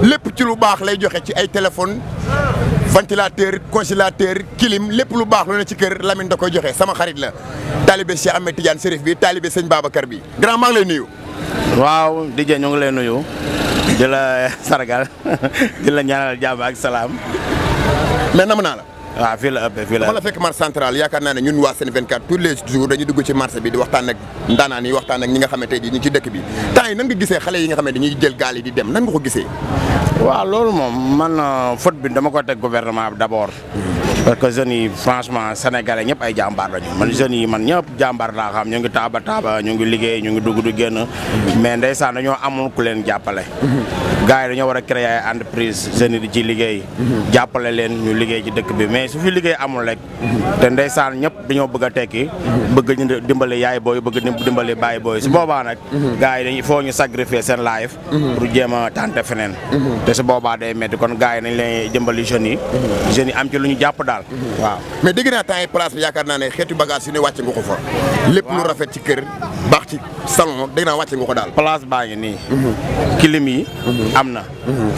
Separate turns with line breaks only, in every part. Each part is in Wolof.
lépp ci lu baax lay joxe ci ay téléphone ventilateur congélateur clim lépp lu baax lu ne ci kër Lamine da koy joxe sama xarit la taalibe Cheikh Ahmed Tidiane Serif bi taalibe sëñ Babacar bi grand lay nuyu. waaw DJ ñu ngi lay nuyu di la sargal di la ñaanal jàmm salaam. mais nam naa la. waaw fii la ëppee fii la fekk marché central yaakaar naa ne ñun waa Sen 24 tous les jours dañuy dugg ci marché bi di waxtaan ak ndaanaan yi waxtaan ak ñi nga xam ne tey ñu ci dëkk bi temps yi nan nga gisee xale yi nga xam ne dañuy jël gaal yi di dem nan nga ko gisee waaw loolu moom man euh, faute bi dama ko teg gouvernement d'abord hmm. parce que jeunes yi franchement sénégalais ñëpp ay jàmbaar lañu man jeunes yi man ñëpp jàmbaar laa xam ñu ngi taaba taaba ñu ngi liggéey ñu ngi dugg du génn mais saan dañoo amul ku leen jàppale gars yi dañoo war a créer ay entreprise di ci liggéey jàppale leen ñu liggéey ci dëkk bi mais su fi liggéey amul rek te ndeysaan ñëpp dañoo bëgg a tekki bëgg ñu dimbale yaay booy bëgg dimbale baay booy si booba nag gars
yi dañuy foo ñu sacrifier seen life pour jéem a tenter feneen te su boobaa day métti kon gars yi
nañ leen jëmbali jeunes yi am ci lu ñu jàpp daal waaw mais dégg naa temps yi place bi yaakaar naa ne xeetu bagage yu ne wàcce nga ko fa lépp lu rafet ci kër baax ci salon dégg naa wàcce nga daal place baa nii clim mhm. yi mhm. am na mhm.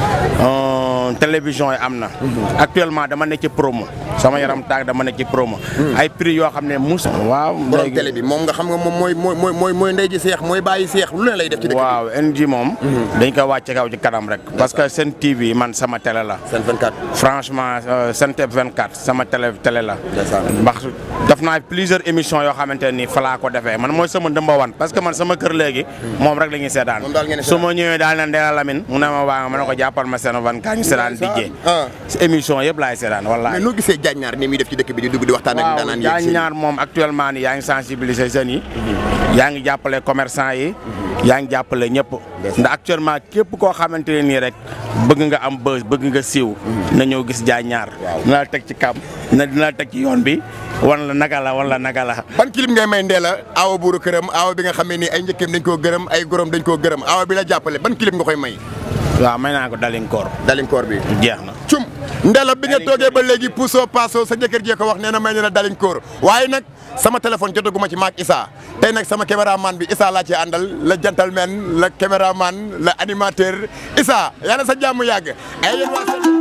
euh, télévision yi am na actuellement dama nekk ci promo sama yaram taag dama nekk ci promo ay prix yoo xam ne mus waaw borom télé bi moom nga xam nga moom mooy mooy mooy mooy ndey ji seex mooy bàyyi seex lu ne lay def ci dëkk waaw moom ko wàcce kaw ci kanam rek parce que seen TV man sama télé la seen 24 franchement euh, seen 24 sama télé télé la. ndax def naa plusieurs émissions yoo xamante nii fa laa ko defee man mooy sama ndëmba wan parce que man sama kër léegi. moom rek la ñuy seetaan. su ma ñëwee daal na Ndella Lamine mu ne ma waa ma ne ko jàppal ma seen van kaa ñu seetaan dijjee. Ah. émission yëpp laay seetaan wallaahi. mais noo def ci dëkk bi di dugg moom actuellement nii yaa ngi sensibiliser jeunes yi. Mhm. yaa ngi jàppale commerçant yi. Mhm. yaa ngi jàppale ñëpp ndax actuellement képp koo xamante ne nii rek bëgg nga am bës bëgg nga siiw mhm. na ñëw gis jaay ñaar dina teg ci kam na dina la teg ci yoon bi wan la naga la wan la naga la ban clip ngay may ndee la aawa buuru këram aawa bi nga xamee ni ay njëkkeem dañ koo gërëm ay gorom dañ koo gërëm aawa bi la jàppale ban clip nga koy may waaw may naa ko dalinkoor dalinkoor bi jeex na ndela bi nga toogee ba léegi puusoo paasoo sa jëkkër jee wax nee na may ne la daliñ kóor waaye nag sama téléphone jotaguma ci maak Issa tey nag sama caméraman bi Issa laa ci àndal la gentleman la caméraman la animateur Issa yàlla sa jàmm yàgg ay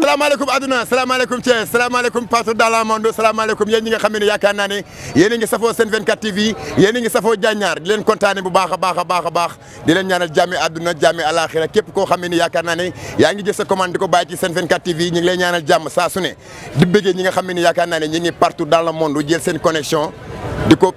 salaamaaleykum adduna salaamaaleykum Thiès salaamaaleykum partout dans le monde salaamaaleykum yéen ñi a a leen kontaane bu baax a baax a baax a di leen ñaanal jàmmi adduna jàmmi alaxira képp koo xam yaakaar naa yaa ngi jël sa commande ko bàyyi ci seen 24 ñaanal jàmm sa suné di bëggee ñi nga xamné ne yaakaar naa ñi ngi partout dans le monde jël seen connexion diko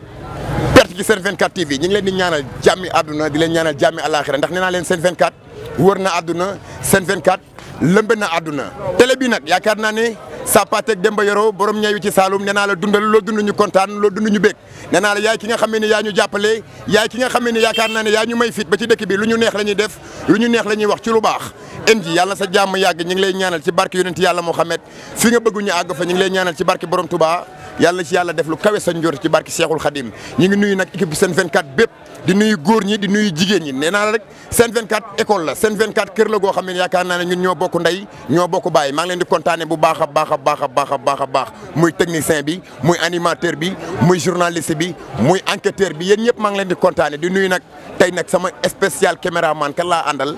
perte ci seen 24 TV ñi ngi leen di ñaanal jàmmi aduna di leen ñaanal jàmmi àllaaxira ndax nee naa leen seen 24 wërna aduna àdduna seen 24 lëmbe na àdduna télé bi nak yaaka naa ne Sapa Tek Demba Yoro borom ñayu ci Saloum nee naa la dundal lo dund ñu kontaan loo dund ñu bëgg nee naa la yaay ki nga xam ne yaa ñu jàppale yaay ki nga xam ne yaakaar naa ne yaa ñu may fit ba ci dëkk bi lu ñu neex la ñuy def lu ñu neex la wax ci lu baax Engie yàlla sa jàmm yàgg ñu ngi lay ñaanal ci barke yonent yàlla Muhammad fi nga bëgg ñu àgg fa ñu ngi lay ñaanal ci barke borom Touba yàlla na ci def lu kawe sa njort ci barke Cheikhul Khadim ñu ngi nuyu nag équipe bu Sen 24 bépp di nuyu góor ñi di nuyu jigéen ñi nee naa la rek Sen 24 école la Sen 24 kër la goo xam ne yaakaar naa ne ñun ñoo bokk ndey ñoo bokk bàyyi maa ngi leen di kontaane bu baax a baax a baax a baax muy technicien bi muy animateur bi muy journaliste bi muy enquêteur bi yéen ñëpp maa ngi leen di kontaane di nuyu nag tey nag sama spécial caméraman kan laa àndal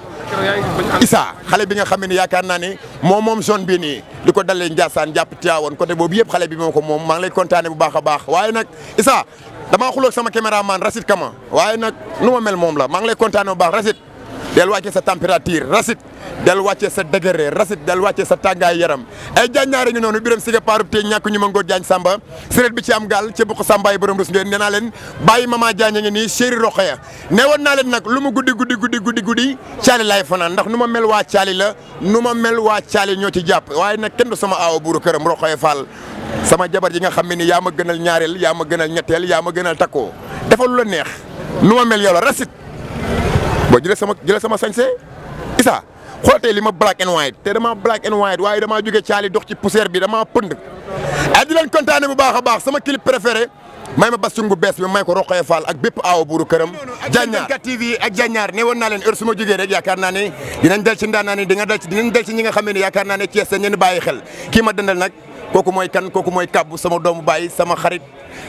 Issa xale bi nga xam ne yaakaar naa ne moom moom zone bii nii di ko dalee Ndiassane jàpp Tivaouane côté boobu yëpp xale bi moo ko moom maa ngi lay bu baax a baax waaye nag Issa damaa xuloog sama caméraman Racine Kama waaye nag nu ma mel moom la maa ngi lay kontaanee bu baax Racine del wàccee sa température rasit del wàccee sa degré rasit del wàccee sa tàngaay yaram ay jàññaare ngi noonu biram si ga tey ñàkk ñu ma ngoor jaañ sàmba séréet bi ci am gaal ci bokk sàmbaay borom rus ngeen nee naa leen bàyyi mama jaañ a ngi nii chéri roqoya ne woon naa leen nag lu mu guddi guddi guddi guddi guddi caali laay fanaan ndax nu ma mel waa caali la nu ma mel waa caali ñoo ci jàpp waaye nag kenn du sama aawa buuru këram roqoya fall sama jabar yi nga xam ne ni yaa ma gënal ñaareel yaa ma gënal ñetteel yaa ma gënal takkoo dafa lu la neex nu ma mel yow la rasit boo jëlee sama jëlee sama sañse Issa xool tey li ma black and white te damaa black and white waaye damaa jóge caali dox ci poussière bi damaa pënd. ay ah, di leen kontaane bu baax a baax sama clip préféré may ma bascung bu bees bi may ko Roqee Fall ak bépp aaw buuru këram. janñaar ne woon naa leen heure su ma rek yaakaar naa ne dinañ dal ci ndaanaa ne dinañ dal ci ñi nga xam ne yaakaar naa ne Thiès dañ leen bàyyi xel kii ma dëndal nag kooku mooy kan mooy kàbbu sama doomu bàyyi sama xarit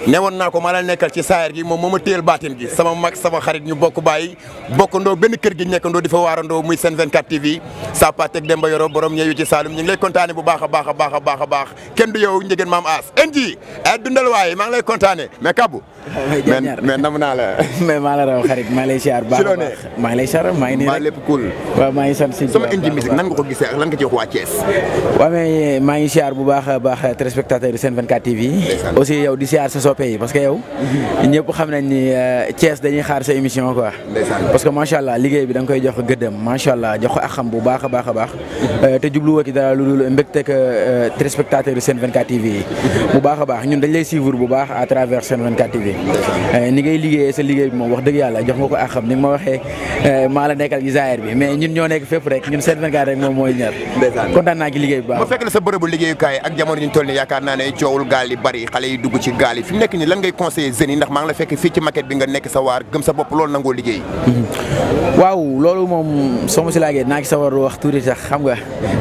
newoon naa ko maa la nekkal ci saayar gi moom moo ma téyel baatin gi sama mag sama xarit ñu bokk bàyyi bokkandoo benn kër gi nekkandoo di fa waarandoo muy seen 24 TV sa patek Demba Yoro borom ñeeyu ci Saalum ñu lay kontaane bu baax a baax a baax a baax a baax kenn du yow njëgeen maam aas NJ ay dundal waaye maa ngi lay kontaane mais kabbu mais nam naa la
mais maa la raw xarit lay siyaar baax a baax maa lay siyaar maa ngi nii rek lépp cool waaw maa ngi sant bu baax a baax téléspectateurs yi seen 24 TV aussi yow di sa soppe parce que yow. ñëpp xam nañ ni euh, dañuy xaar sa émission quoi. parce que macha allah liggéey bi da koy jox gëddëm macha allah jox ko euh, ak euh, xam a a a ni nga ma waxee maa la nekkal ci zaahir bi mais ñun ñoo nekk fépp rek ñun seen 24 rek moom mooy ñaar. kontaan naa ci liggéey bu baax. bu
fekkee ne sa bërëbu liggéeyukaay ak jamono ñu toll ni yaakaar naa ne coowul gaal yi bari xale yi dugg ci gaal fi nekk nii lan ngay conseiller jeunes yi ndax maa ngi la fekk fii ci maquette bi nga nekk sa waar gëm sa bopp loolu nangoo liggéey.
Mhm.
waaw loolu moom soo ma si laajee naa ci sawar wax tuuti sax xam nga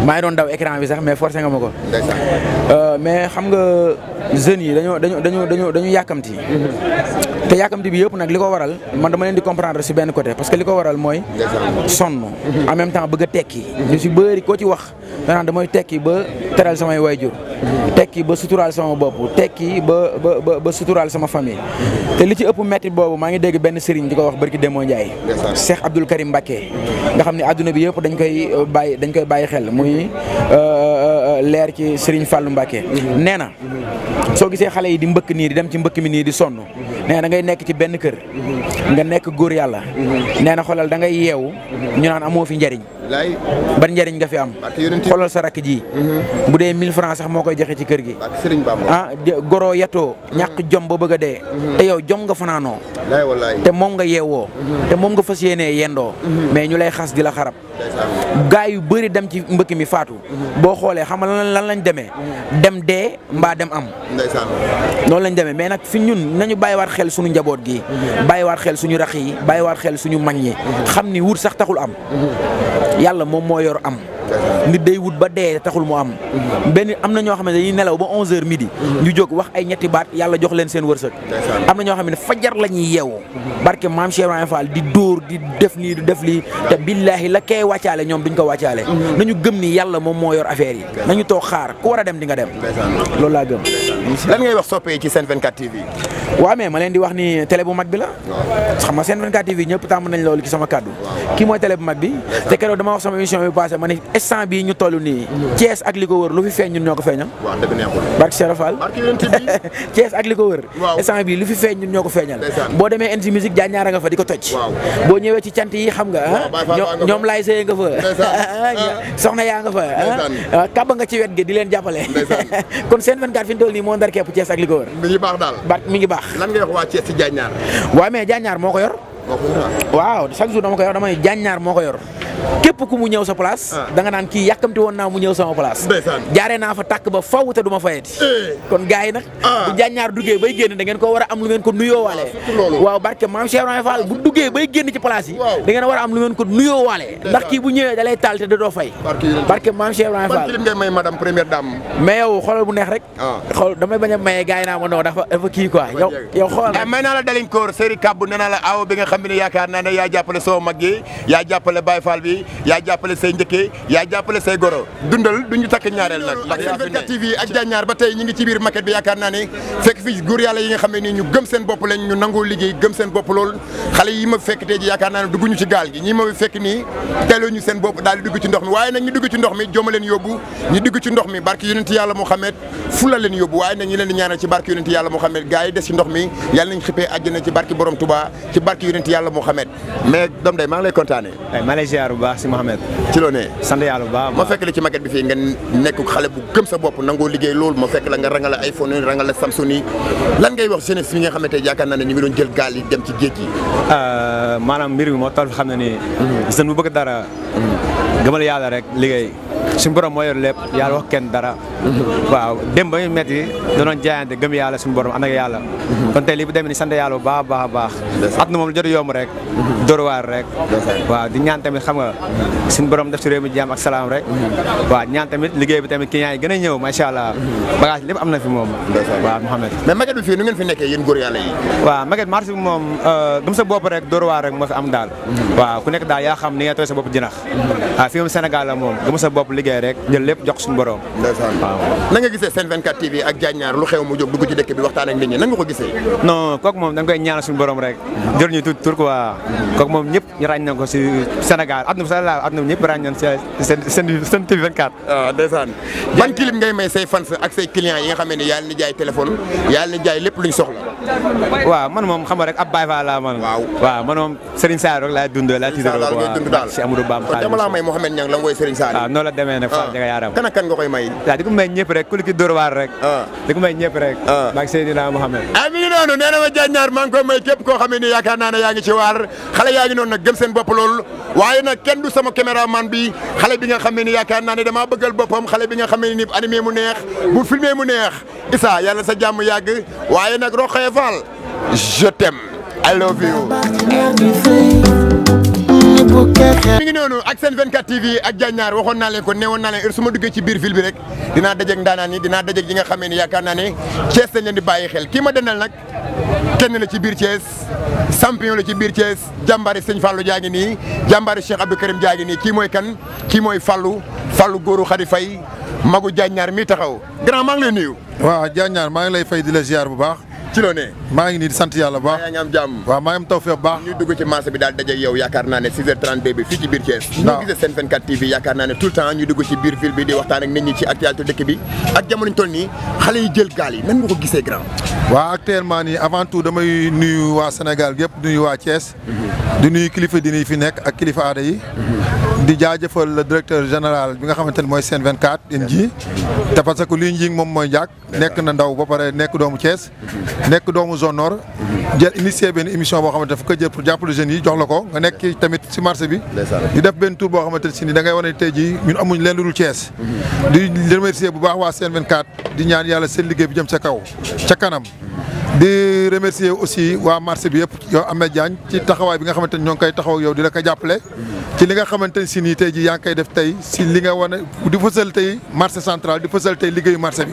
maa ngi doon daw écran bi sax mais forcé nga ma ko. Euh, mais xam nga jeunes yi dañoo dañoo dañoo dañoo yàkkamti. Mhm. te yàkkamti bi yëpp nag li ko waral man dama leen di comprendre si benn côté parce que li ko waral mooy sonn en même temps bëgg a tekki ñu si bëri koo ci wax danaan damay tekki ba teral samay waajur tekki ba suturaal sama bopp tekki ba ba ba suturaal sama famille te li ci ëpp métti boobu maa ngi dégg benn sëriñ di ko wax barki Demba Ndiaye Cheikh Abdoul Karim Mbacké nga xam ne àdduna bi yëpp dañ koy euh, bàyyi dañ koy bàyyi xel muy euh, euh, leer ci Serigne Fallou Mbacké nee na soo gisee xale yi di mbëkk nii di dem ci mbëkk mi nii di sonn nee na ngay nekk ci benn kër nga nekk góor yàlla nee na xoolal da ngay yeewu ñu naan amoo fi njariñ ban njariñ nga fi am xoolal sa rakk ji mhm. bu dee 1000 francs sax moo koy joxe ci kër gi ah goroo yatoo ñàkk mhm. jom ba bëgg a dee mhm. te yow jom nga fanaanoo te moom nga yeewoo te moom nga fas yéenee yendoo mais ñu lay xas di la xarab gaay yu bëri dem ci mbëkk mi faatu boo lan lan lañ demee. dem dee mbaa dem am. noonu lañ demee mais nag fi ñun nañu bàyyiwaat xel suñu njaboot gi. bàyyiwaat xel suñu rax yi bàyyi bàyyiwaat xel suñu mañ yi xam ni wut sax taxul am. yàlla moom moo yor am. nit day wut ba dee taxul mu am benn am na ñoo xam ne dañuy nelaw ba onze heures midi ñu jóg wax ay ñetti baat yàlla jox leen seen wërsëg am na ñoo xam ne fajar la ñuy yeewoo barke maam Cheikh Ibrahima Fall di dóor di def nii di def lii te billaahi la kay wàccaale ñoom duñ ko wàccaale mm-hmm. nañu gëm ni yàlla moom moo yor affaire yi nañu toog xaar ku war a dem di nga dem loolu laa gëm lan ngay wax soppe ci Sen 24 TV. waaw mais ma leen di wax ni télé bu mag bi la. xam nga Sen 24 TV ñëpp tàmm nañ loolu ci sama kàddu. kii mooy télé bu mag bi. te keroog dama wax sama émission bi passé ma ne instant bii ñu toll nii. Thiès ak li ko wër lu fi feeñ ñun ñoo ko feeñal. waaw dëgg neexul. li fi feeñ ñoo ko feeñal. boo demee NG Musique jaañaara nga fa di ko toj. boo ñëwee ci cant yi xam nga. waaw ñoom laay sëyee nga fa. Ah. soxna yaa nga fa. Ah, kaba nga ci wet gi di leen jàppale ndarkeepu Thiès ak li ko wër. mi ngi baax daal ba mi ngi baax.
lan ngay waa Thiès ci Diagne Niar.
waaw mais Diagne moo ko yor. waaw chaque jour dama ko yor damay Diagne Niar moo ko yor képp ku mu ñew sa place ah. da nga naan ki yakamti won na mu ñew sama place jaaree na fa tak ba faw te duma ma eh. kon gaay nak ah. bu jàññaar duggé bay génn da ngeen ko wara am lu ngeen ko walé ah, waaw barké mam Cheikh ibrahim Fall bu duggé bay génn ci place yi da ngeen wara am lu ngeen ko walé ndax ki bu ñewé da lay talté da do fay barké mam Cheikh ibrahim Fall ngay may madame
première dame mais yow xolal bu neex rek xol dama baña a maye gars yi ma no dafa dafa ki quoi yow yow xoolal may na la dalin koor séri kàbbu nee la aaw bi nga xamni ne na ne ya jappalé so mag ya jappalé Baye Fall yaa jàppale say njëkkee yaa jàppale say goro dundal duñu takk ñaareel nag ba tey ñi ngi ci biir maquette bi yaakaar naa fekk fi góor yàlla yi nga xam ne ñu gëm seen bopp lañ ñu nangoo liggéey gëm seen bopp lool xale yi ma fekk tey ji yaakaar naa ne ci gaal ñi ma fekk nii teeloo seen bopp daal di dugg ci ndox mi waaye nag ñu dugg ci ndox mi jooma leen yóbbu ñu dugg ci ndox mi barke yonent yàlla Muhammad fula leen yóbbu waaye nag ñi leen di ñaanal bu baax si Mohamed. ci loo nee sant yàlla bu baax ma fekk la ci maquette bi fii nga nekk xale bu gëm sa bopp nangoo liggéey loolu ma fekk la nga rangale iPhone yi rangale Samsung yi lan ngay wax jeunesse bi nga xamante ne yaakaar naa ne ñu ngi gaal yi dem ci géej gi.
Euh, maanaam mbir mi moo toll xam na ni. Mhm. jeune bu bëgg dara.
Mhm.
gëmal yàlla rek liggéey. suñu borom moo yor lépp yàlla wax kenn dara waaw dem ba ñu metti danoon jaayante gëm yàlla suñu borom ànd ak yàlla kon tey lii bu demee ni sant yàlla baax baax a baax at na moom jot yomb rek dóor rek waaw di ñaan tamit xam nga suñu borom def si réew mi jàmm ak salaam rek waaw ñaan tamit liggéey bi tamit client yi gën a ñëw macha allah bagage lépp am na fi moom waaw Mouhamed mais maget bi fii nu ngeen fi nekkee yéen góor yàlla yi waaw maget marché bi moom euh, gëm sa bopp rek dóor rek moo fi am daal waaw ku nekk daal yaa xam ni tooy sa bopp jinax waaw fii jàpp liggéey rek jël lépp jox suñu borom ndeysaan waaw
na nga gisee seen 24 TV ak Diagne lu xew mu jóg dugg ci bi waxtaan ak nit ñi nan nga ko gisee
non kooku moom da nga koy ñaanal suñu borom rek jël ñu tuut tur quoi kooku moom ñëpp ràññ ko si Sénégal àdduna sa la àdduna ñëpp ràññ nañ seen seen TV 24 waaw ah, ndeysaan
ban clip ngay may say fans ak say clients yi nga xam ne yàlla ni jaay téléphone
yàlla ni jaay lépp luñ soxla waaw man moom xam rek ab baay man waaw man moom Serigne Sarr rek laay dund laay tiitaroo waaw si Amadou Bam dama la
may Mouhamed Niang ah, la ngoy
demee nag Fall ah. Ndiaga Yaram kan ak kan nga koy may waaw di ko may ñëpp rek ku li ki dóor waar rek ah. di ko may ñëpp rek ah. maag Seydina Mouhamed
ah mi ngi noonu nee na ma janñaar koy may képp koo xam ne ni yaa ngi waar xale yaa ngi noonu nag gëm seen waaye nag kenn du sama caméraman bi xale bi nga xam ne ni yaakaar naa ne damaa bi nga xam ne ni mu neex bu filmé mu neex Issa yàlla sa jàmm yàgg waaye nag Rokhaya Fall je I love you mi ngi noonu ak seen 24 TV ak Diagnard waxoon naa leen ko neewoon naa leen heure su ma duggee ci biir ville bi rek dinaa dajeeg ndaanaan yi dinaa dajeeg yi nga xamee ni yaakaar naa ne leen di xel kii dendal nag kenn ci biir Thiès champion la ci biir Thiès jàmbaari Sëñ Fallou jaa ngi nii jàmbaari Cheikh Abdou Karim jaa ngi nii kii mooy kan kii mooy Fallou Fallou góoru Khady Faye magu Diagnard mi taxaw grand maa ngi lay nuyu. waaw maa ngi lay fay di la ziar bu baax. ci la ne maa ngi nii di sant yàlla baax yaa ngi am jàmm waaw maa ngi am tawfeex baax ñu dugg bi daal daje yow yaakaar naa ne 6h32 bi fii ci biir Thiès ñu gisee seen 24 TV yaakaar naa ne tout le temps xale yi jël gaal yi nan nga ko gisee grand waaw actuellement nii avant
tout damay waa Sénégal yëpp nuyu waa Thiès mhm. di nuyu kilifa dini fi nekk ak kilifa aada yi mhm. di jaajëfal directeur général bi nga xamante ne mooy Sen 24 in ji te parce que lii nji moom mooy njaag nekk na ndaw ba pare nekk doomu Thiès mhm. nek doomu zone nord jël initié ben émission bo xamante daf ko jël pour jàppale jeune yi jox la ko nga nekk tamit ci marché bi di def ben tour bo xamante si ni da ngay wane tey jii ñun amuñ leen lu ciès mhm. di remercier bu baax wa sen 24 di ñaan yalla sen liggéey bi jëm ci kaw ci kanam di remercier aussi wa marché bi yépp yow Ameth Diagne ci taxaway bi nga xamante ñong kay ngi koy taxaw yow di la ko jappalé ci li nga xamante si ni tey jii yaa ngi koy def tay ci li nga wane di fësal tay marché central di fësal tay liggéeyu marché bi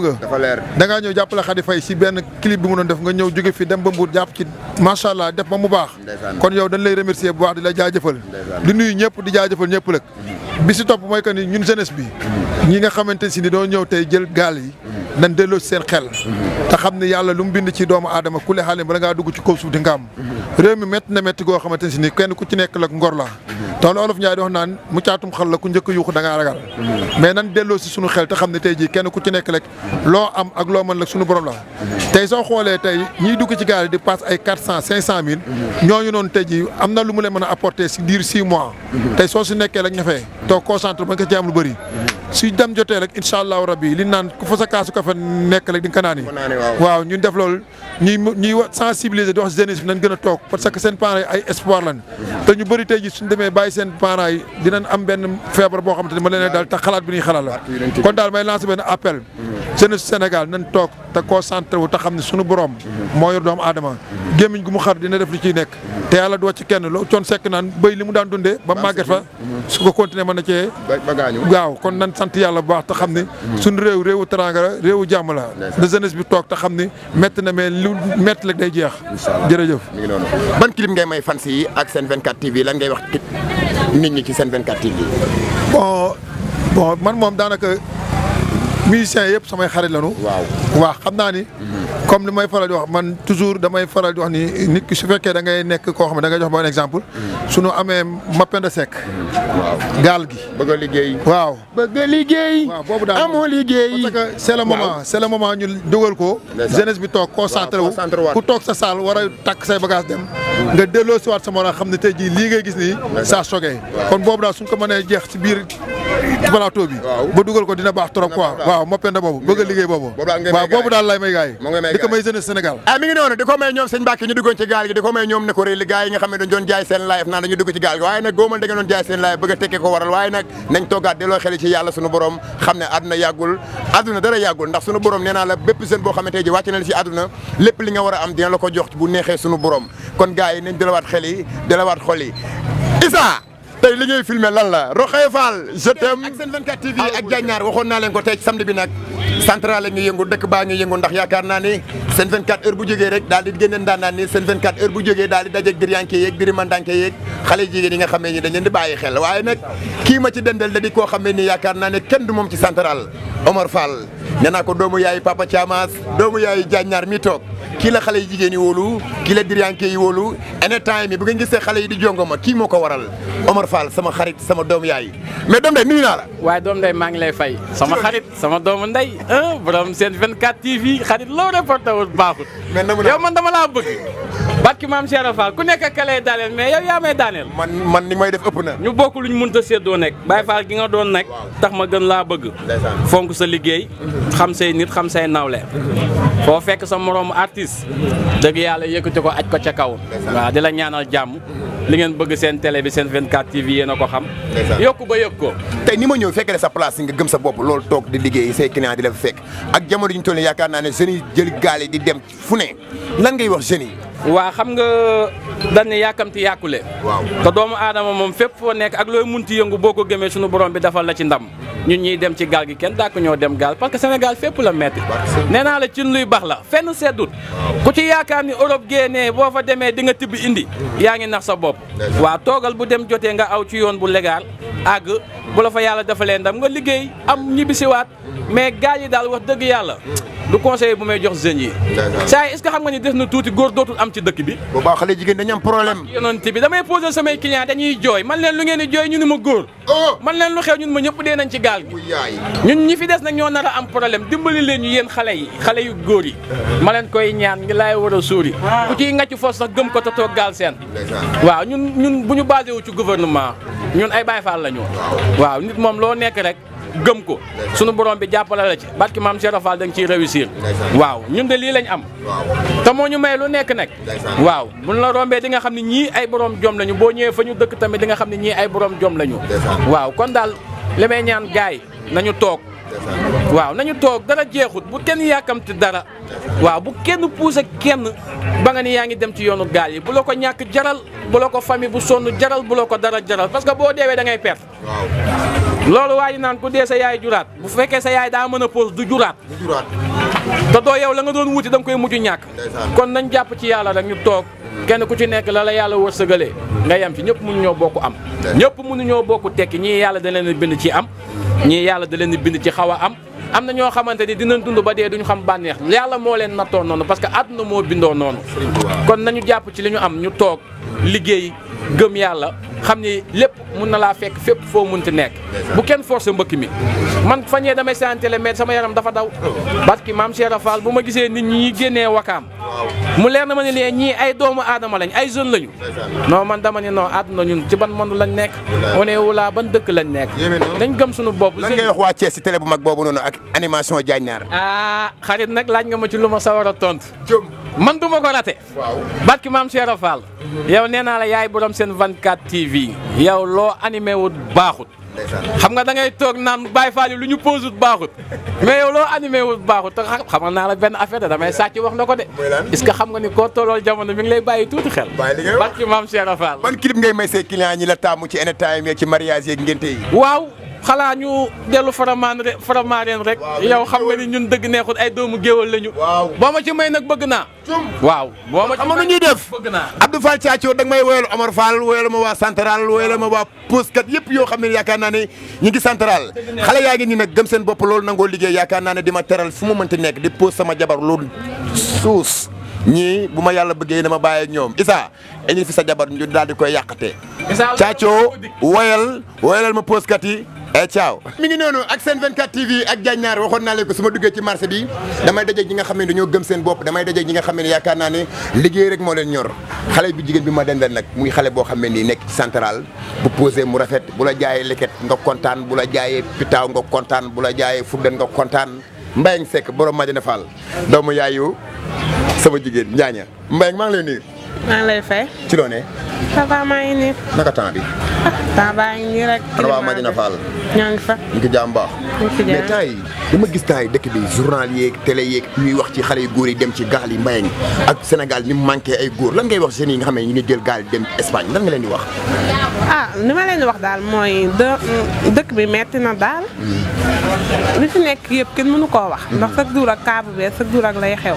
nga. dafa leer da ngaa ñëw jàppale Khady Faye si benn clip bi mu doon def nga ñëw jóge fi dem ba jàpp ci macha allah def ba mu baax. kon yow dañ lay bu baax di la jaajëfal. di nuyu ñëpp di jaajëfal ñëpp lëg bi si topp mooy que ni ñun jeunesse bi. ñi nga xamante si ni doo ñëw tey jël gaal yi. nan delloo seen xel te xam ne yàlla lu mu bind ci doomu aadama ku le xaale bala ngaa dugg ci kaw suuf di nga réew mi métti na métti goo xamante si ni kenn ku ci nekk la ngor la toon olof Njaay mu caatum la ku njëkk yuuxu da ngaa ragal mm-hmm. mais nan delloo xam ne tey jii kenn ku ci nekk rek lo am ak lo man la suñu borom la tay so xolé tay ñi dugg ci gaal di pass ay 400 500000 ñoñu non tay ji amna lu mu leen mëna a apporter ci dir 6 mois tay so su nekké rek ñafé to concentre ba nga ci am lu bari su dem joté rek inshallah rabbi li nane ku fa sa kaasu kafe nekk rek di nga nani waaw ñun def lool ñi ñi sensibiliser di wax jeunesse nañ gëna a parce que sen parents ay espoir lañ te ñu bari tay ji suñu démé bàyyi sen parents di nañ am ben fièvre bo xamanteni ma leen dal ta xalaat bi ñuy xalaat la kon dal may lancer ben appel jeunesse Sénégal nañ toog te concentré wu te xam ne sunu borom moo yor doomu aadama gémmiñ gu mu xar dina def li ciy nekk te yàlla doo ci kenn loo coon sekk naan béy li mu daan dundee ba màgget fa su ko continuer na cee gaaw kon nan sant yàlla bu baax te xam ne suñu réew réew teranga la réewu jàmm la na jeunesse bi toog te xam ni métti na mais lu métti
rek day jeex jërëjëf mi ngi noonu ban clip ngay may fans yi ak seen 24 TV lan ngay wax nit ñi ci seen 24 TV bon man moom daanaka
ميسيان ييب ساماي خاري لانو واو واخ خمناني كوم لي ماي فارال مان توجور داماي فارال دي وخني نيت كي سوفيك دا غاي نيك كو خما دا غاي جوخ با اكزامبل سونو امي مابين دو سيك واو غال غي بغا ليغي واو
بغا ليغي واو بوبو دا
امو ليغي سي لا مومون سي لا مومون ني دوغال كو جينيس بي توك كونسانتر كو توك سا سال ورا تاك ساي باغاس ديم nga delo ci wat sama ra xamne tay ji li ngay gis ni sa soge kon bobu da suñ ko mané jeex ci bir tibalato bi ba duggal ko dina bax trop quoi waaw mopenda boobu bëgg a liggéey boobu waaw boobu daal may gaay di ko may jeunesse Sénégal
ah mi ngi noonu di ko may ñoom sëñ Mbacke ñu duggoon ci gaal gi di ko may ñoom ne ko réeli gaay nga xam ne doon jaay seen life naan dañu dugg ci gaal gi waaye nag góomal da nga doon jaay seen life bëgg a ko waral waaye nag nañ toogaat delloo xel ci yàlla sunu borom xam ne àdduna yàggul àdduna dara yàggul ndax sunu borom nee naa la bépp seen boo xamante ji wàcc tey li ngay filmé lan la Roxaya Fall je ak seen TV ak Diagne waxoon naa leen ko tey samedi bi nag central la ngi yëngu dëkk baa ngi yëngu ndax yaakaar naa ni seen 24 heures bu jógee rek daal di génne ndaanaan ni seen 24 heures bu jógee daal di dajeeg diriyànke yeeg diri mandanke yeeg xale jigéen yi nga xamee ni dañ di bàyyi xel waaye nag kii ma ci dendal da di koo xamee ni yaakaar naa ne kenn du moom ci central Omar Fall nee ko doomu yaay Papa Thiamas doomu yaay Diagnar mi toog kii la xale yi jigéen yi wóolu kii la diriyànke yi wóolu en temps yi bu nga gisee xale yi di jongoma kii moo ko waral Omar Fall sama xarit sama doom yaay mais doom day nuyu naa la. waaye doom day maa ngi lay fay. sama xarit
sama doomu ndey ah, borom seen 24 TV xarit loo reporté wul baaxul. mais yow man dama laa barki maam Cheikh Fall ku nekk ka lay daaneel mais yow yaa may daaneel. man man ni may def ëpp na. ñu bokk luñ mënta séddoo nekk Baye faal gi nga doon nekk. tax ma gën laa bëgg. fonk sa liggéey. xam say nit xam say nawle. foo fekk sa moroomu artiste. dëgg yàlla yëkkati ko aj ko ca kaw. waaw di la ñaanal jàmm. li ngeen bëgg seen télé bi seen 24 TV yéen a ko xam.
yokku ba yokk tey ni ma ñëw fekk na sa place nga gëm sa bopp loolu toog di liggéey say client di la fekk ak jamono ji ñu toll yaakaar naa ne jeunes yi jël gaal yi di dem fu ne lan ngay wax jeunes yi. waa xam nga dañ ne yàkkamti yàkkule. le te doomu aadama moom
fépp foo nekk ak looy munti yëngu boo ko gëmee sunu borom bi defal la ci ndam ñun ñuy dem ci gaal gi kenn daa ko ñoo dem gaal parce que Sénégal fépp la metti nee naa la luy baax la fenn seddut ku yaakaar ni Europe génnee boo fa demee di nga tibb indi mm-hmm. yaa ngi nax sa bopp waaw toogal bu dem jotee nga aw ci yoon bu légal àgg bu la fa yàlla defalee ndam nga liggéey am ñibbisiwaat mais gars yi daal wax dëgg yàlla du conseil bu may jox jeunes yi saa yi est-ce xam nga ni des na tuuti
góor dootul am ci dëkk bi bu baax xale jigéen dañu am problème yonent
bi damay posé samay client dañuy jooy man leen lu ngeen di jooy ñu ni ma góor oh! man leen lu xew ñun ma ñëpp dee nañ ci gaal
gi
ñun ñi fi des nag ñoo nar a am problème dimbali leen ñu yéen xale yi xale yu góor yi ma leen koy ñaan ngi laay war a suuri ku ciy ngàcc foos sax gëm ko totoog gaal seen waaw ñun ñun bu ñu basé ci gouvernement ñun ay Baay Faal lañu waaw waaw nit moom loo nekk rek gëm ko sunu borom bi jàppale la ci barki maam Cheikh Fall da nga ciy réussir waaw ñun de lii lañ am te moo ñu may lu nekk nag waaw buñ la rombee di nga xam ne ñii ay borom jom ñu boo ñëwee fa ñu dëkk tamit di nga xam ne ñii ay borom jom ñu waaw kon daal li may ñaan gaay nañu toog waaw nañu toog dara jeexut bu kenn yàkkamti dara waaw bu kenn puuse kenn ba nga ni yaa ngi dem ci yoonu gaal yi bu la ko ñàkk jaral bu la ko famille bu sonn jaral bu la ko dara jaral parce que boo deewee da ngay perte loolu waa ji naan ku dee sa yaay juraat bu fekkee sa yaay daa mën a pose du juraat te doo yow la nga doon wuti da nga koy mujj ñàkk kon nañ jàpp ci yàlla rek ñu toog kenn ku ci nekk la la yàlla wërsëgalee nga yem ci ñëpp mënu boo bokk am ñëpp mënu ñoo bokk tekki ñii yàlla da leen bind ci am ñii yàlla da leen bind ci xaw a am am na ñoo xamante ni dinañ dund ba dee duñu xam bànneex yàlla moo leen nattoo noonu parce que àdduna moo bindoo noonu kon nañu jàpp ci li ñu am ñu toog liggéey gëm yàlla xam ni lépp mun na laa fekk fépp foo munti nekk bu kenn forcé mbëkk mi man fañee damay saan télé mais sama yaram dafa daw parce que maam Cheikh Fall bu ma gisee nit ñi génnee wakaam mu leer na ma ne leen ñii ay doomu aadama lañ ay jeune lañu non man dama ne non àdduna ñun ci ban monde lañ nekk one wulaa ban dëkk lañ nekk dañ gëm sunu bopp lan ngay wax waa Thiès si télé bu mag boobu noonu ak
animation Diagne Nar
ah, xarit nag laaj nga ma a tontu man duma ko rate barki maam Cheikh Fall yow nee naa la yaay borom seen 24 TV yow loo animé wut baaxut xam nga da ngay toog naan Baye Fall lu ñu pose wut baaxut mais yow loo animé wut baaxut te xamal naa la benn affaire de damay sàcc wax na ko de est xam nga ni koo tollool jamono mi ngi lay bàyyi tuuti xel barki
maam Cheikh Fall ban clip ngay may say client ñi la taamu ci en time ci mariage yeeg ngénte
xalaa ñu dellu faramaan faramaareen rek yow xam nga ni ñun dëgg neexul ay doomu géwal lañu boo ma ci may nag bëgg naa
waaw boo ma ci xam nga ñuy def Abdou Fall Thiathio da nga may woyalu Omar Fall ma waa central woyalu ma waa poskat yëpp yoo xam ne yaakaar naa ne ñu ngi central xale yaa ngi nii nag gëm seen bopp loolu nangoo liggéey yaakaar naa ne di ma teral fu mu mënti nekk di pose sama jabar loolu suus ñii bu ma yàlla bëggee ma bàyyi ñoom Issa dañuy fi sa jabar ñu daal di koy yàqatee Thiathio woyal woyalal ma poskat yi e ciao mi ngi noonu ak seen 24 TV ak Diagne waxoon na lekk ko su ma duggee ci marché bi damay daje ñi nga xam ne dañoo gëm seen bopp damay daje ñi nga xam ne yaakaar naa ne liggéey rek moo leen ñor xale bi jigéen bi ma dendal nag muy xale boo xam ne nii nekk ci central bu posé mu rafet bu la jaayee leket nga kontaan bu la jaayee pitaaw nga kontaan bu la jaayee fuddan nga kontaan Mbayang Seck borom Madina Fall doomu yaayu sama jigéen Njaaña Mbayang maa ngi maa ngi lay fay. ci loonee.
ça va maa ngi nii. naka temps bi. temps baa ngi nii rek.
climat bi waaw Madina Fall. fa. ñu ngi jàmm baax. ñu ngi dama gis temps yi dëkk bi journal yéeg télé yéeg ñuy wax ci xale yu góor yi dem ci gaal yi mbayang ak Sénégal ni mu manqué ay góor lan ngay wax seen yi nga xam ne ñu ngi jël gaal dem Espagne lan nga leen di wax.
ah li ma leen di wax daal mooy dë dëkk bi metti na daal. Hmm. li fi nekk yëpp kenn mënu koo wax ndax chaque duur ak kaabu bees chaque jour ak lay xew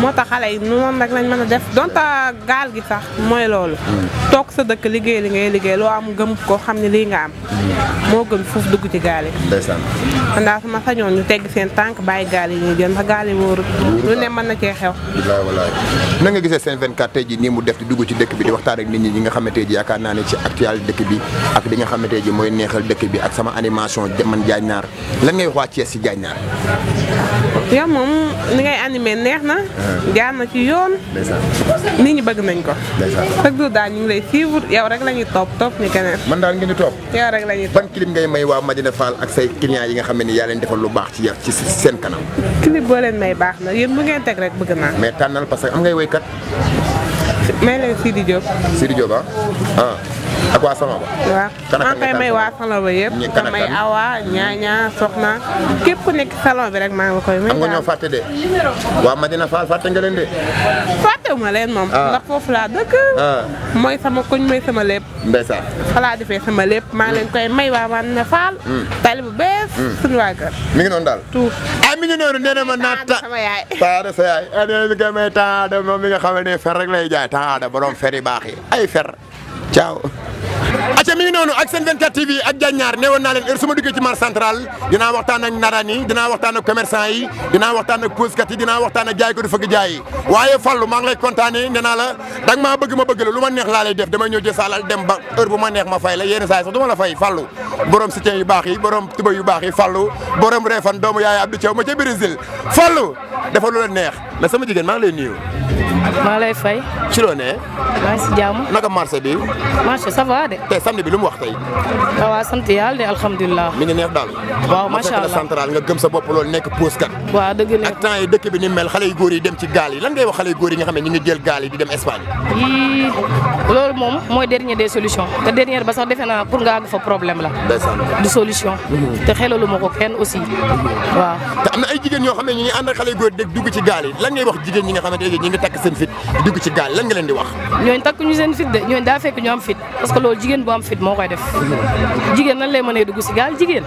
moo tax xale yi noonu rek lañu mën a def donte gaal gi sax mooy loolu toog sa dëkk liggéey li ngay liggéey loo am gëm ko xam ne lii nga am moo gën foofu dugg ci gaal yi man daal sama sañoon ñu tegg seen tànk bàyyi gaal yi ñuy jël gaal yi mën na cee xew na nga
gisee seen 24 tey ji nii mu def di dugg ci dëkk bi di waxtaan ak nit ñi ñi nga xamante ji yaakaar naa ne ci actualité dëkk bi ak di nga xamante ji mooy neexal dëkk bi ak sama animation man jaay naar lan ngay wax waa Thiès si Diagne Naar.
yow moom ni ngay animé neex na. Ah. jaar na ci yoon. nit ñi bëgg nañ ko. chaque jour daal ñu ngi lay suivre yow rek la ñuy topp topp ñu keneen. man daal ngeen di topp.
yow rek la topp ban clip ngay may waa Madina Fall ak say clients yi nga xam ne ni yaa leen defal lu baax ci ci seen kanam.
clip boo leen may baax na yéen bu ngeen teg rek bëgg naa.
mais tànnal parce que am ngay woykat. may leen Sidi Diop. Sidi Diop ah. ah. ak waa Salamba. maa ngi koy may waa Salamba yëpp. may Awa
ñaaña Soxna. képp ku nekk salon bi rek maa ngi koy may. am nga ñoo fàtte de. waa Madina Fall fàtte nga leen de. fàttewuma leen moom. Ah. ndax foofu laa ah. mooy sama koñ mooy sama lépp. ndeysaan. fa laa defee sama lépp maa ngi mm. leen koy may waa Madina Fall. Mm. tali bu bees. Mm. suñu waa kër. mi ngi noonu daal. tuuf ah mi ngi noonu nee ma naat. sama yaay taa de sa yaay. ah nee mi ngi may taa de moom mi nga xaw
ne fer rek lay jaay taa fer yu baax yi ay fer acca mi ngi noonu ak seen 24 TV ak Diagne ne woon naa leen heure su ma duggee ci marché central dinaa waxtaan ak naran yi dinaa waxtaan ak commerçant yi dinaa waxtaan ak poskat yi dinaa waxtaan ak jaay ko du fëgg jaay waaye Fallou maa ngi lay kontaanee nee naa la da maa bëgg ma bëgg la lu ma neex laa lay def damay ñëw jël dem ba heure ma neex ma fay la yenn saa yi sax du ma la fay Fallou borom soutien yu baax yi borom yu baax yi Fallou reefan doomu neex mais sama jigéen maa ngi lay nuyu
maa lay fay. ci loo ne. maa ngi si jàmm. naka marché bi. marché ça va de.
tey samedi bi lu mu wax tey.
waaw waaw sant de alhamdulilah.
mi ngi neex daal. waaw macha allah central nga gëm sa bopp loolu nekk pause kat. waaw
dëgg neex
ni mel xale yu góor dem ci gaal lan ngay wax xale yu góor yi nga jël gaal di dem Espagne.
loolu moom mooy dernier des solutions te dernier ba sax defe naa pour nga àgg fa problème la. du solution. Mhm. te xelalu ma ko kenn aussi mhm. waaw.
seen fit dugg ci gaal lan nga leen wax
ñooñ takkuñu seen fit de ñooñ daa fekk ñu am fit parce que loolu bu am fit moo koy def jigéen nan lay mënee dugg ci gaal jigéen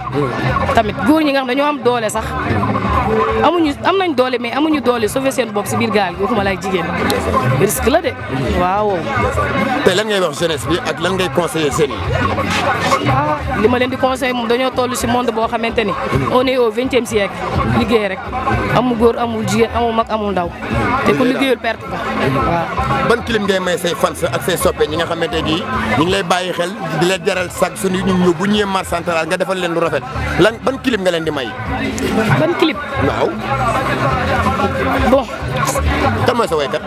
tamit góor ñi nga xam doole sax amuñu am nañ doole mais amuñu doole sauver seen bopp si biir gaal gi waxuma laay jigéen risque la de waaw.
tey lan ngay wax jeunesse bi ak lan ngay conseiller seen yi.
ah li ma leen di conseiller moom dañoo toll si monde boo xamante ni. on est au vingtième siècle liggéey rek amu góor amul jigéen amu mag amul ndaw te ku liggéeyul perte ba
ban kilim ngay may say fan ak say soppe ñi nga xamante gi ñu ngi lay bàyyi xel di leen jaral sag suñu ñu ñëw bu ñëwee marché nga defal leen lu rafet lan ban kilim nga leen di may. nổ kan mooy sa waykat.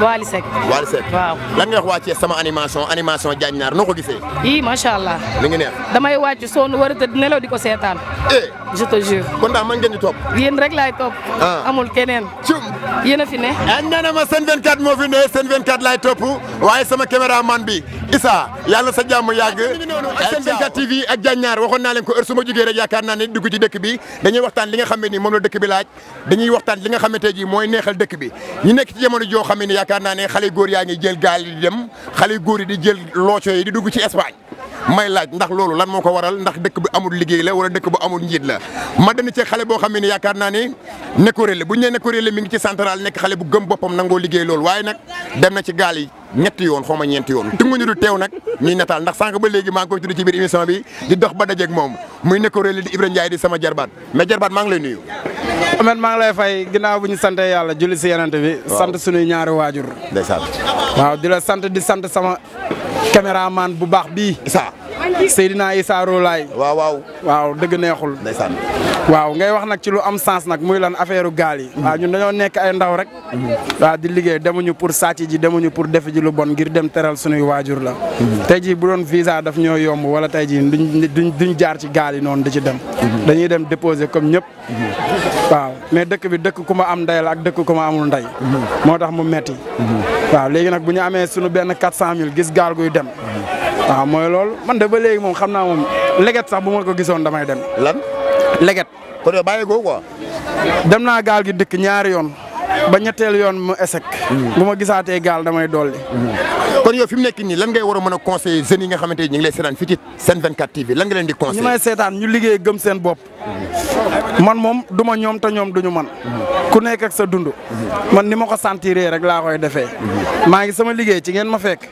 Waly Seck. Waly Seck waaw. lan nga wax waa Thiès sama animation animation Diagne Naar noo ko gisee.
yii macha allah. mi ngi neex. damay wàcc sonn war a di ko seetaan. eh je te jure. kon daal man ngeen di rek laay topp. Ah. amul keneen. cum yéen fi ne. ah nee na ma seen 24 moo fi
ne seen 24 laay topp waaye sama caméraman bi Issa yàlla sa jàmm yàgg. ak seen 24 TV ak Diagne Naar naa leen ko heure su ma jugee ne dugg dëkk bi dañuy waxtaan xam ne nii moom la dëkk bi laaj dañuy waxtaan li nga ne dëkk bi ñu nekk ci jamono joo xam ne yaakaar naa ne xale góor yaa ngi jël gaal yi di dem xale góor yi di jël looco yi di dugg ci Espagne may laaj ndax loolu lan moo ko waral ndax dëkk bu amul liggéey la wala dëkk bu amul njiit la ma dana ci xale boo xam ne yaakaar naa ne nekkoréel la bu ñu nee nekkoréel la mi ngi ci central nekk xale bu gëm boppam nangoo liggéey loolu waaye nag dem na ci gaal yi ñetti yoon xaw ma ñeenti yoon tunguñu du teew nag ñuy nataal ndax sànq ba léegi maa ngi koy tudd ci biir émission bi di dox ba dajeeg moom muy nekk relais di Ibrahima Ndiaye di sama jarbaat mais jarbaat maa ngi lay nuyu. Ameth maa ngi lay fay ginnaaw bu ñu sante yàlla julli si yenante bi. sant suñuy ñaari waajur. de ndeysaan.
waaw di la sant di sant sama caméraman bu baax bii. sa Seydina Issa Roulaye waaw waaw waaw dëgg neexul ndeysaan waaw ngay wax nag ci lu am sance nag muy lan affaire gaal yi hmm. waa ñun dañoo nekk ay ndaw rek hmm. waaw di liggéey demuñu pour sàcc ji demuñu pour def ji lu bon ngir dem teral suñuy waajur la hmm. tey ji bu doon visa daf ñoo yomb wala tey ji duñ duñ jaar ci gaal yi noonu di ci dem dañuy dem déposé comme ñëpp waaw mais dëkk bi dëkk ku ma am nday la ak dëkk ku ma amul nday moo tax mu metti waaw léegi nag bu ñu amee suñu benn quatre cent mille gis gaal guy dem waa mooy loolu man de ba léegi moom xam naa moom leget sax bu ma ko gisoon damay dem. lan leget. kon yow bàyyi ko quoi. dem naa gaal gi dëkk ñaari yoon ba ñetteel yoon mu échec. Hmm. bu ma gisaatee
gaal damay dolli. Hmm. kon yow fi mu nekk nii lan ngay war a mën a conseiller jeunes yi nga xamante ni ñu ngi lay seetaan fii ci Sen 24 TV lan nga leen di conseiller. ñi may seetaan ñu liggéey gëm seen bopp. Hmm. man moom du
ma ñoom te ñoom duñu man ku nekk ak sa dund. man ni ma ko sentiree rek laa koy defee. maa ngi sama liggéey ci ngeen ma fekk.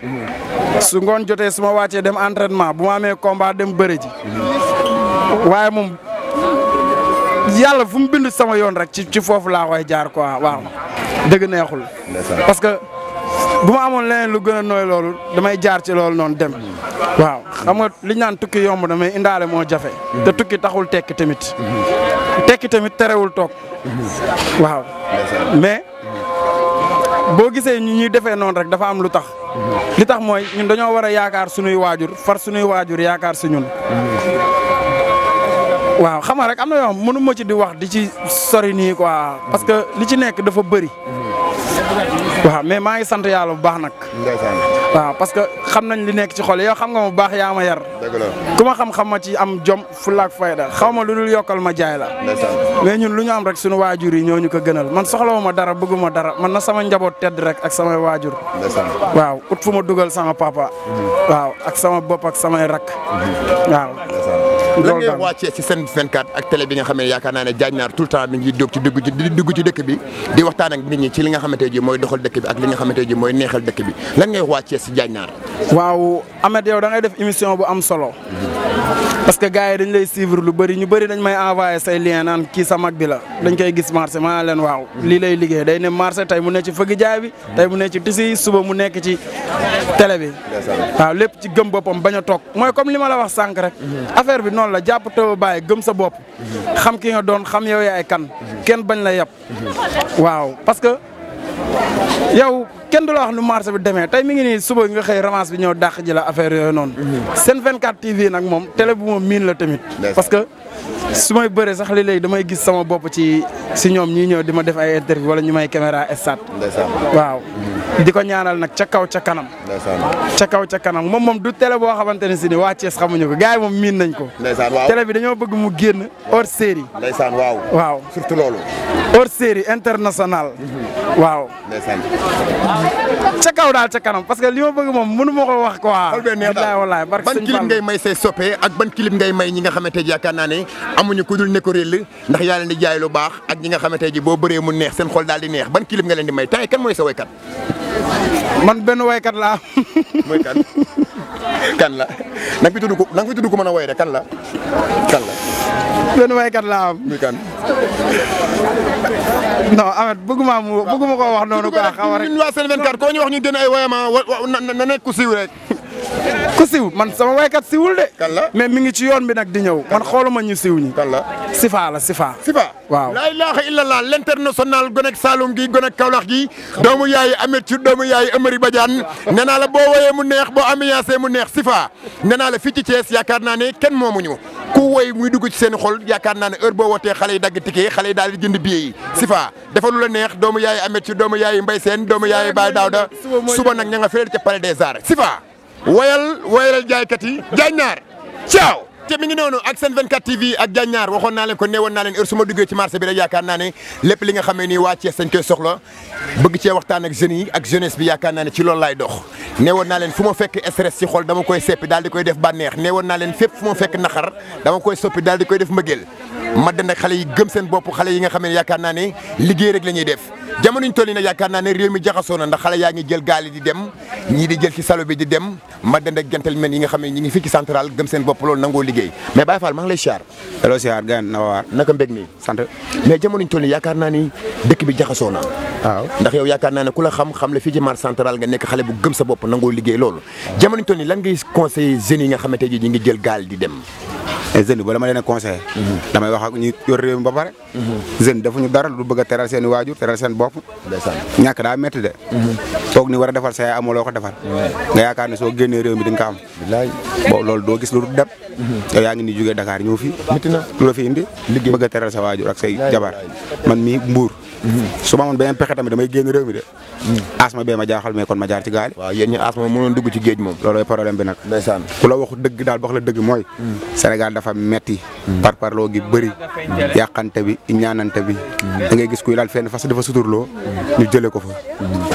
su ngoon jotee su ma wàccee dem entraînement bu ma amee combat dem bëre ji. waaye moom yàlla fu mu bind sama yoon rek ci ci foofu laa koy jaar quoi waaw dëgg neexul. parce que. bu ma amoon leneen lu gën a nooy loolu damay jaar ci loolu noonu dem waaw xam nga liñ naan tukki yomb damay indaale moo jafe te tukki taxul tekki tamit tekki tamit terewul toog waaw mais boo gisee ñu ñuy defee noonu rek dafa am lu tax li tax mooy ñun dañoo war a yaakaar sunuy waajur far sunuy waajur yaakaar si ñun waaw xam nga rek am na yoo xam mënu ci di wax di ci sori nii quoi parce que li ci nekk dafa bëri waaw mais maa ngi sant yàlla bu baax nag. ndeysaan waaw parce que xam nañ li nekk ci xol yow xam nga mu baax yaa ma yar. dëgg la ku ma xam-xam ma ci am jom fu fulaak fayda xaw ma lu dul yokkal ma jaay la. mais ñun lu ñu am rek suñu waajur yi ñoo ñu ko gënal man soxlawu ma dara bëggu dara man na sama njaboot tedd rek ak samay waajur. waaw ut fu ma dugal sama papa. Mm-hmm. waaw ak sama bopp ak samay rakk
mm-hmm.
waaw.
lan ngeen wàccee ci seen 24 ak télé bi nga xam ne yaakaar naa ne
def émission bu am solo parce que gars yi dañ lay suivre lu bëri ñu bëri dañ may envoyé say lien naan kii sa mag bi la dañ koy gis marché ma leen waaw lii lay liggéey day ne marché tey mu ne ci fëgg jaay bi tey mu ne ci tisi suba mu nekk ci télé bi waaw lép ci gëm boppam bañ a toog mooy comme li ma la wax sànq rek mhm. affaire bi noonu la jàpp te bàyyi gëm sa bopp. xam ki nga doon xam yow yaay kan. kenn bañ la yap waaw parce que yow kenn du la wax nu marché bi demee tey mi ngi nii suba nga xëy ramas bi ñëw dàq ji la affaire yooyu noonu. seen 24 TV nag moom télé bu ma miin la tamit. parce que. si ma bëre sax li léegi damay gis sama bopp ci si ñoom ñi ñëw di ma def ay interview wala ñu may caméra stade
waaw di
ko ñaanal nag ca kaw ca kanam ca kaw ca kanam moom moom du télé boo xamante ne si ni waa Thiès xamuñu ko gars yi moom miin nañ ko télé bi dañoo bëgg mu génn hors série ndeysaan waaw waaw surtout loolu hors série international waaw
ca kaw daal ca kanam parce que li ma bëgg moom mënu ma ko wax quoi bilaay walaay barke ban clip ngay may say soppe ak ban clip ngay may ñi nga xamante yaakaar naa ne amuñu ku dul Nékorél ndax yaa leen di jaay lu baax ak ñi nga xamante ji boo bëree mu neex seen xol daal di neex ban clip nga leen di may temps kan mooy sa waykat. man benn waykat laa. mooy la na nga fi ko na
ko
mën a way rek la kan la. waykat laa am.
muy kan. non Amath bëgguma mu bëgguma koo wax noonu. quoi xaw rek ñun waa Sen 24 koo ñu wax ñu gën ay wayama wa na nekk ku rek. ku siw man sama waykat siwul de.
kan la mais mi ngi ci yoon bi nag di ñëw man xooluma ñu siw ñi. kan la Sifa la Sifa. Sifa
waaw. laa ilaaha illallah l'international gonek Saloum gi gonek Kaolack gi. doomu yaay Amet ci doomu yaay Amary Badiane. nee naa la boo woyee mu neex boo ambiancé mu neex Sifa. nee naa la fii ci Thiès naa ne kenn moomuñu ku woy muy dugg ci seen xol yaakaar naa ne heure boo wootee xale yi dagg ticket xale yi daal di jënd billet yi. la neex doomu yaay Amet ci doomu yaay Mbaye Sène doomu yaay Baye Daouda suba nag ña nga wayal wayal jaaykat yi Diagne Nar ciao te mi ngi noonu ak seen 24 TV ak Diagne Nar waxoon naa leen ko neewoon naa leen heure su ma duggee ci marché bi rek yaakaar naa ne lépp li nga xamee nii waa Thiès dañ koy soxla bëgg cee waxtaan ak jeunes yi ak jeunesse bi yaakaar naane ci loolu laay dox neewoon naa leen fu ma fekk stress ci xol dama koy sepp daal di koy def bànneex neewoon naa leen fépp fu ma fekk naxar dama koy soppi daal di koy def mbëggeel ma dend ak xale yi gëm seen bopp xale yi nga xam ne yaakaar naa ne liggéey rek la ñuy def jamono ñu toll na yaakaar naa ne réew mi jaxasoo na ndax xale yaa ngi jël gaali di dem ñii di jël ci salo bi di dem ma dend ak gentleman yi nga ñi ngi fii ci central na waar naka mbég eh, a conseillé mhm. damay wax ak ñu yor réew mhm. dara lu bëgg teral seen waajur teral seen bopp ñàkk daa métti de mm-hmm. toog ni war a defal sa yaay amoo loo ko defal nga yaakaar ne soo génnee réew mi di nga ko am boobu loolu doo gis lu dul dem yow mm-hmm. yaa ngi ni jógee Dakar ñëw fii lu fi indi bëgg a teral sa waajur ak say jabar man mii mbuur suma ma benen beneen pexe tamit damay génn rewmi mi de asma bee ma jaaxal mais kon ma jaar ci gaali wa yeen ñi asma mënoon dugg ci géej moom loolooy problème bi nak ndaysan ku la waxu dëgg dal bax la dëgg moy Sénégal dafa metti par parloo gi bëri yàqante bi ñaanante bi da ngay gis kuy laal fenn fas dafa suturloo ñu jëlé ko fa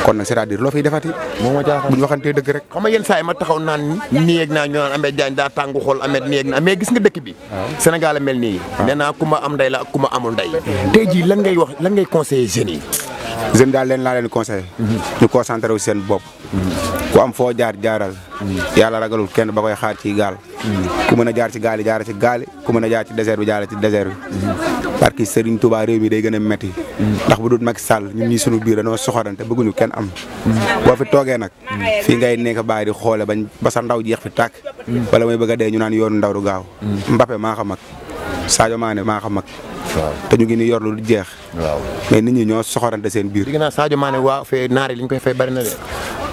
kon nak c'est-à-dire lo fay defati moo ma jaaxal buñ waxanté waxantee dëgg rek xama yeen say ma taxaw naan ni yeeg na ñu naan amé Diagne da tangu xol amé ni yeeg na mais gis nga dëkk bi Sénégal melni mel kuma am nday la kuma amul nday tay ji lan ngay wax lan ngay conseil conseiller jeunes yi. jeunes daal leen laa leen conseillé. ñu concentré wu seen
bopp. ku am foo jaar jaaral. yàlla ragalul kenn ba koy xaar ci gaal. ku mën a jaar ci gaal yi jaar ci gaal ku mën jaar ci désert bi jaar ci désert bi. parce que Serigne Touba réew
mi day gën a metti ndax bu dul Macky Sall ñun ñii suñu biir a noo dañoo soxorante bëgguñu kenn am. boo fi toogee nag. fii ngay nekk bàyyi di xoole bañ ba sa ndaw jeex fi tàkk. wala mooy bëgg dee ñu naan yoonu ndaw du gaaw. Mbappé maa xam ak. Sadio maane maa xam mag. waaw te ñu ngi ni yor lu jeex. waaw mais nit ñi ñoo soxorante seen biir. dégg naa Sadio maane waa fee naare li ñu koy fay bari na de.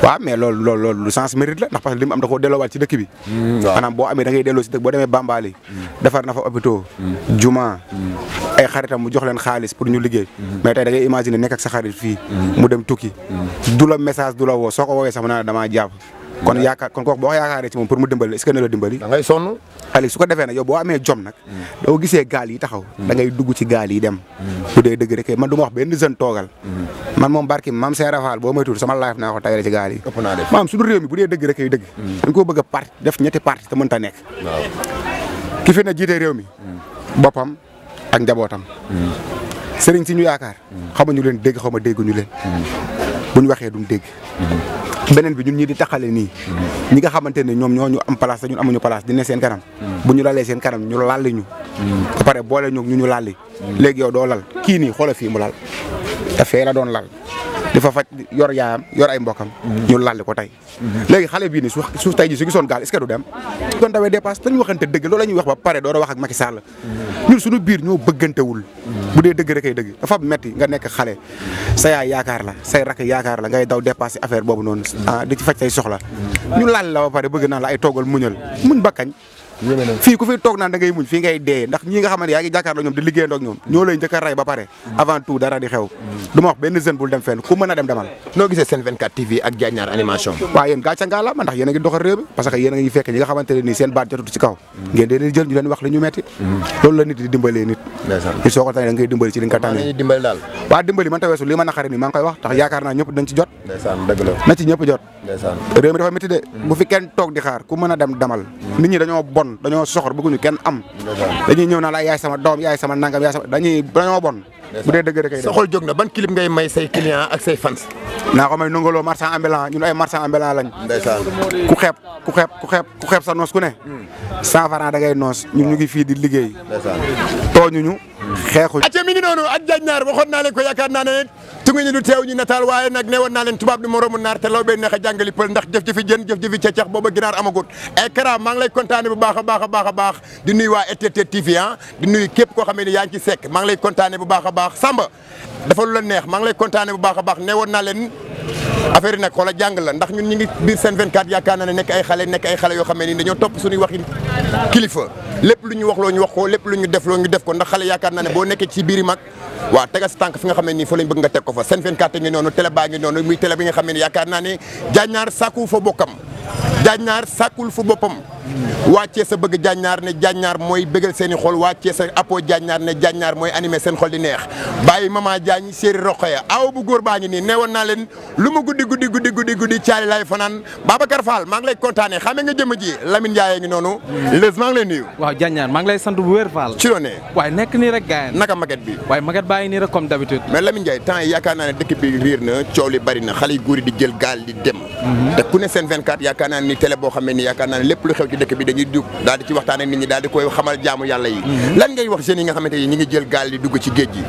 waaw mais loolu lu sens mérite la ndax parce que li am da koo delloowaat ci dëkk bi. Mm, boo amee da ngay delloo si dëkk boo demee Bambali. Mm. defar na fa hôpitaux. Mm. juma. ay xaritam mu jox leen xaalis pour ñu liggéey. mais tey da ngay imaginer nekk ak sa xarit fii. mu dem tukki. du la message du la woo soo ko woowee sax mu ne la damaa jàpp. kon yaakaar kon kooku boo yaakaaree ci moom pour mu dimbali est-ce que ne dimbali. da ngay defee nag yow boo amee jom nag. doo gisee gaal yi taxaw. dangay ngay dugg ci gaal yi dem. bu dee dëgg rek man du ma wax benn jeune toogal. man moom barki maam Seex Rafaal boo moytuwul sama life naa ko tayale ci gaal yi. ëpp naa def maam suñu réew mi bu dee dëgg rek ay dëgg. dañ koo bëgg a parti def ñetti parti te mënta nekk. ki fi ne jiite réew mi. boppam ak njabootam. sëriñ si ñu yaakaar. xamuñu leen dégg xaw ma dégguñu leen bu ñu waxee duñ dégg. beneen bi ñun ñi di taxale nii ñi nga xamante ne ñoom ñoo ñu am place ñun amuñu place di ne seen kanam bu ñu lalee seen kanam ñu lalli ñu ba pare boole ñu ñu ñu lalli léegi yow doo lal kii nii xoola fii mu lal te fee la doon lal di fa faj yor yaayam yor ay mbokam ñu lalli ko tey léegi xale bii ni su su tey ji su gisoon gaal est du dem doon dawee dépasse dañu waxante dëgg loolu la ñuy wax ba pare door a wax ak Macky Sall ñun biir ñoo bëggantewul bu dee dëgg rek ay dëgg dafa metti nga nekk xale sa yaay yaakaar la say rakk yaakaar la ngay daw dépasse affaire boobu noonu ah di ci faj say soxla ñu laal la ba pare bëgg naa la ay toogal muñal muñ bakkañ fii ku fi toog naan da muñ fii ngay dee ndax ñi nga xamante yaa ngi jàkkaarloo ñoom di liggéeyandoo ak ñoom ñoo lay njëkk a ba pare avant tout dara di xew du ma wax benn jeune bul dem fenn ku mën dem demal noo ñi da ngay na ci bon bon dañoo soxor bëgguñu kenn am dañuy ñëw naa la yaay sama doom yaay sama nangam yaay sama dañuy dañoo bon bu dee dëgg rek kay sa xol jóg na ban clip ngay may say client ak say fans naa ko may nangaloo marchand ambulant ñun ay marchand ambulant lañ ku xeeb ku xeeb ku xeeb sa noos ku ne hmm. cent francs da ngay noos ñu ñu ngi fii di liggéey tooñuñu xeexu acca mi ngi noonu ak jaaj naar waxoon naa leen ko yaakaar naa ne tungu ñu du teew ñu nataal waaye nag ne woon naa leen tubaab du moroomu naar te law bee neex a jàngali pël ndax jëf jëfi jën jëf jëfi cecax booba ginaar amagut ekra eh, maa ngi kontaane bu baax a baax a baax a baax di nuyu waa RTT TV ah, di nuyu képp koo xamee ne yaa ngi ci sekk maa ngi lay kontaane bu baax a baax Samba dafa lu la neex maa ngi lay kontaane bu baax a baax ne woon naa leen affaire yi nag xoola jàng la ndax ñu ngi biir seen 24 yaakaar na ne nekk ay xale nekk ay xale yoo xam ne nii dañoo topp suñuy waxi kilifa lépp lu ñu wax loo wax ko lép lu ñu def loo ñu def ko ndax xale yaakaar na ne boo nekkee ci biir mag waaw tegas tànk fi nga xam ne nii fa lañ nga teg ko fa seen 24 ngi noonu télé baa ngi noonu muy télé bi nga xam ne yaakaar naa ne jaañaar sàkku fa bokkam Diagne sàkkul fu boppam waa Thiès a bëgg Diagne ne Diagne mooy bëggal seen i xol waa Thiès a appoo Diagne ne Diagne mooy animé seen xol di neex bàyyi maman Diagne séeri Roqaya aw bu góor baa ngi nii neewoon naa leen lu mu guddi guddi guddi guddi guddi caali laay fanaan maa ngi lay kontaanee xamee nga jëmm ji Lamine Ndiaye ngi noonu. lës maa
ngi lay nuyu. waaw Diagne maa ngi lay sant bu wér Fall. ci waaye nekk nii rek gars naka ngi nii rek comme d'habitude. mais Lamine Ndiaye
temps naa ne dëkk bi riir di jël gaal di dem mhm. te ku yaakaar naa ni télé boo xam ne ni yaakaar naa ne lépp lu xew ci dëkk bi dañuy dugg daal di ci waxtaan
ñi daal di koy xamal jaamu yàlla yi mhm. lan ngay wax jeunes yi nga xamante ni ñi ngi jël gaal di dugg ci géej gi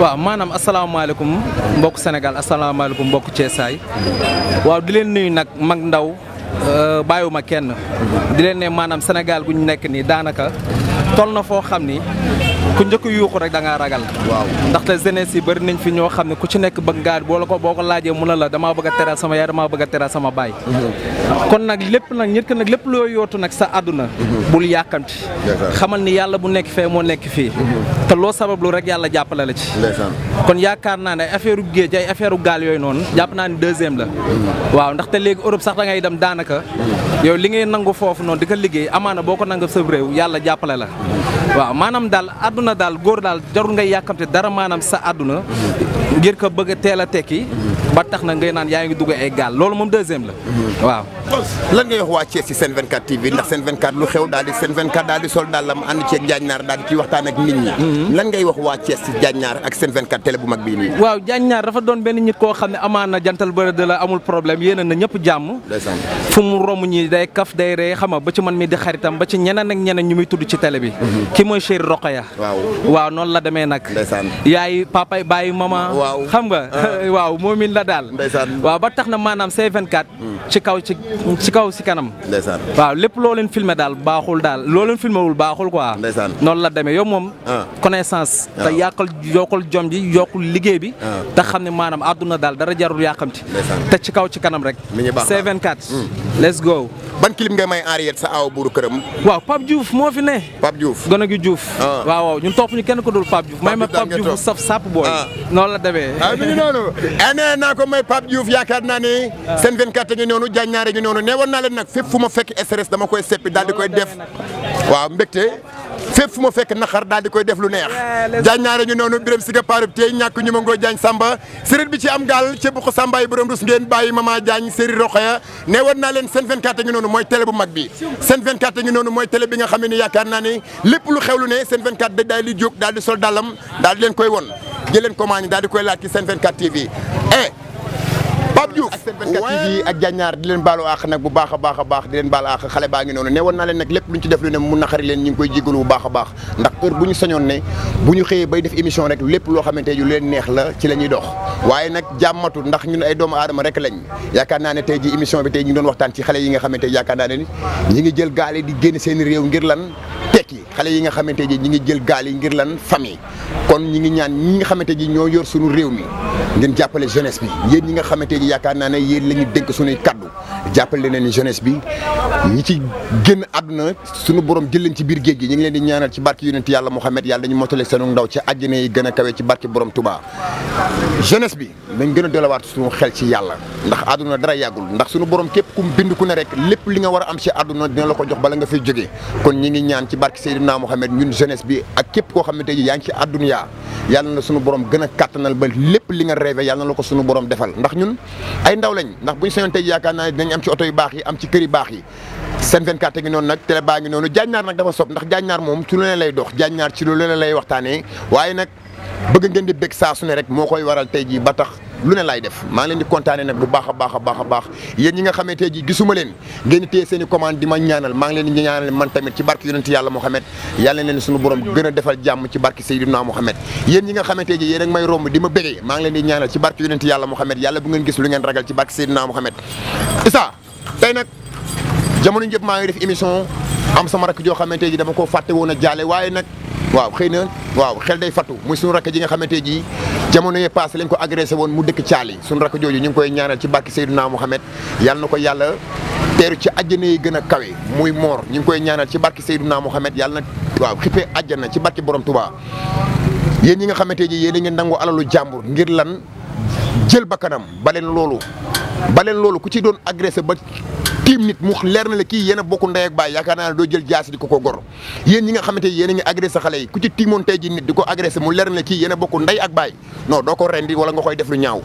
waaw maanaam asalaamaaleykum mbokk Sénégal asalaamaaleykum mbokk Thiès waaw di leen nuyu nag mag ndaw euh, bàyyiwuma kenn di leen ne maanaam senegal gu ñu nekk nii daanaka toll na foo xam ni ku njëkk yuuxu rek da ngaa ragal. waaw ndaxte jeunesse yi bari nañ fi ñoo xam ne ku ci nekk bëgg ngaa boo ko boo ko laajee mun ne la damaa bëgg a teral sama yaay damaa bëgg a teral sama baay.
Mhm.
kon nag lépp nag ñett ki nag lépp loo yootu nag sa àdduna. Mhm. bul yàkkamti. xamal ni yàlla bu nekk fee moo nekk fii. Mhm. te loo sabablu rek yàlla jàppale la ci. kon yaakaar naa ne affaire u géej ay affaire gaal yooyu noonu. jàpp naa ne deuxième la. waaw ndaxte léegi Europe sax da ngay dem daanaka. yow li ngay nangu foofu noonu di ko liggéey amaana boo ko nangu sa réew yàlla jàppale la waaw maanaam daal àdduna daal góor daal jarul ngay yàkkamte dara maanaam sa àdduna ngir ka bëgg teel a tekki ba tax na ngay naan yaa ngi dugg ay gaal loolu moom deuxième la waaw lan ngay wax waa Thiès ci Sen 24 TV ndax Sen 24 lu xew daal di Sen
24 daal di sol daal la mu ànd ceeg Diagnard daal di ci waxtaan ak nit ñi mm-hmm. lan ngay wax waa Thiès ci Diagnard ak Sen 24 télé bu mag bii nii waaw
Diagnard dafa doon benn nit koo xam ne amaana jantal bëre de la amul problème yéene na ñëpp jàmm fu mu romb ñi day kaf day rey xam nga ba ci man mi di xaritam ba ci ñeneen ñeneen ñu muy tudd ci télé bi mm-hmm. ki mooy chéri Roqaya. waaw waaw noonu la demee nag. ndeysaan yaay papay bàyyi mama. waaw xam nga ah. waaw moomin la daal. ndeysaan waaw ba tax na maanaam C24. Hmm. ci kaw ci ci kaw si kanam. ndeysaan waaw lépp loo leen filmé daal baaxul daal loo leen filmé wul baaxul quoi. ndeysaan noonu la demee yow moom. Ah. connaissance. te ah. yàqal yokkul jom ji yokkul liggéey bi. te xam ne maanaam àdduna daal dara jarul yàqamti. te ci kaw ci kanam rek. C24. Hmm. let's go. ban clip ngay may Henriette sa aaw buuru këram. waaw Pape Diouf moo fi ne. Gorgui Diouf ah. waaw waaw ñun topp ñu kenn ko dul Pape Diouf may ma Pape Diouf bu saf sàpp booy ah. noonu la demee waaw ah, mi ngi noonu
nee naa ko may Pape Diouf yaakaar naa ne seen 24 ngi noonu jaañ naare ngi noonu nee woon leen nag fépp fu ma fekk stress dama koy seppi daal di koy def waaw mbégte fépp fu ma fekk naqar daal di koy def lu neex jaaññaare ñu noonu biram si ga paarub tey ñàkk ñu ma ngoo jaañ samba séréer bi ci am gaal ca buqo sambaay borom rus ngeen bàyyi mama jaañ séri roxoya ne woon naa leen seen 24 ngi noonu mooy télé bu mag bi seen 24 ngi noonu mooy télé bi nga xam ne ni yaakaar naa ni lépp lu xewlu ne seen 24 da daal di jóg daal di sol leen koy won jëleen commande daal di koy laaj ci seen 24 TV Pape Diouf ak seen 24 TV di leen baalu àq nag bu baax a a baax di leen xale baa ngi noonu ne woon naa leen nag lépp ñu ci a baax ndax heure bu ñu sañoon ne bu ñu xëyee bay rek lépp loo xamante leen neex la ci la ñuy dox waaye nag jàmmatu ndax ñun ay doomu yaakaar naa ne tey ji émission bi tey ñu doon waxtaan ci xale yi nga xamante yaakaar naa ne ñi ngi jël gaale di génn seen réew ngir lan yi xale yi nga xamante ji ñi ngi jël gaal yi ngir lan fami kon ñi ngi ñaan ñi nga xamante ji ñoo yor suñu réew mi ngeen jàppale jeunesse bi yéen ñi nga xamante ji yaakaar naa ne yéen la ñu dénk suñuy kaddu jàppale leen ni jeunesse bi ñi ci génn àdduna suñu borom jël leen ci biir géej gi ñu ngi leen di ñaanal ci barke yonent yàlla Mouhamed yàlla dañu motale seenu ndaw ci àjjana yi gën a kawe ci barke borom Touba. jeunesse bi nañ gën a delawaat suñu ci yàlla ndax àdduna dara yàggul ndax suñu borom képp kum bind ku ne lépp li nga war am ci àdduna dina la jox bala nga fay jógee kon ñi ngi ñaan ci barke Seydina ñun jeunesse bi ak képp koo xam ne tey yaa ngi ci àdduna yaa yàlla na suñu borom gën a kàttanal ba lépp li nga rêvé yàlla na la ko suñu borom defal ndax ñun ay ndaw lañ ndax buñ señoon tey yaakaar naa dinañ am ci oto yu baax yi am ci kër yu baax yi seen 24 ngi noonu nag télé baa ngi noonu jaaññaar nag dafa sob ndax jaaññaar moom ci lu leen lay dox jaaññaar ci lu leen lay waxtaanee waaye nag bëgg ngeen di bég saa su rek moo koy waral tey jii ba tax lu ne laay def maa leen di kontaane nag bu baax a baax a baax a baax yéen ñi nga xamee ji gisuma leen ngeen téye seen i commande di ma ñaanal maa leen di ñaanal man tamit ci barke yonent yàlla Muhammad yàlla a defal jàmm ci maa ngi leen di ñaanal ci barke yonent yàlla Muhammad yàlla bu ngeen gis lu ngeen ragal ci barke Seydina Muhammad Issa tey nag jamono jëpp maa ngi def émission am sama rakk joo ji dama ko fàtte woon a jaale waaye nag waaw xëy na waaw xel day fatu muy suñu rakk ji nga xamante ji jamono yee passé lañ ko agressé woon mu dëkk Thiali suñu rakk jooju ñu ngi koy ñaanal ci bàkki Seydina Mouhamed yàlla na ko yàlla teeru ci àjjana yi gën a kawe muy moor ñu ngi koy ñaanal ci barke Seydina Mouhamed yàlla na waaw xippee na ci barke borom Touba yéen yi nga xamante ji yéen a ngeen nangoo alalu jàmbur ngir lan jël bakkanam baleen loolu baleen loolu ku ci doon agressé ba tiim nit mu leer na la kii yen bokku bokk ndey ak baay yaakaar naa ne doo jël jaasi di ko ko gor yéen ñi nga xamante yéen a xale yi ku ci tiimoon tey ji nit di ko agressé mu leer na la kii yéen a bokk ndey ak baay non doo ko rendi wala nga koy def lu ñaaw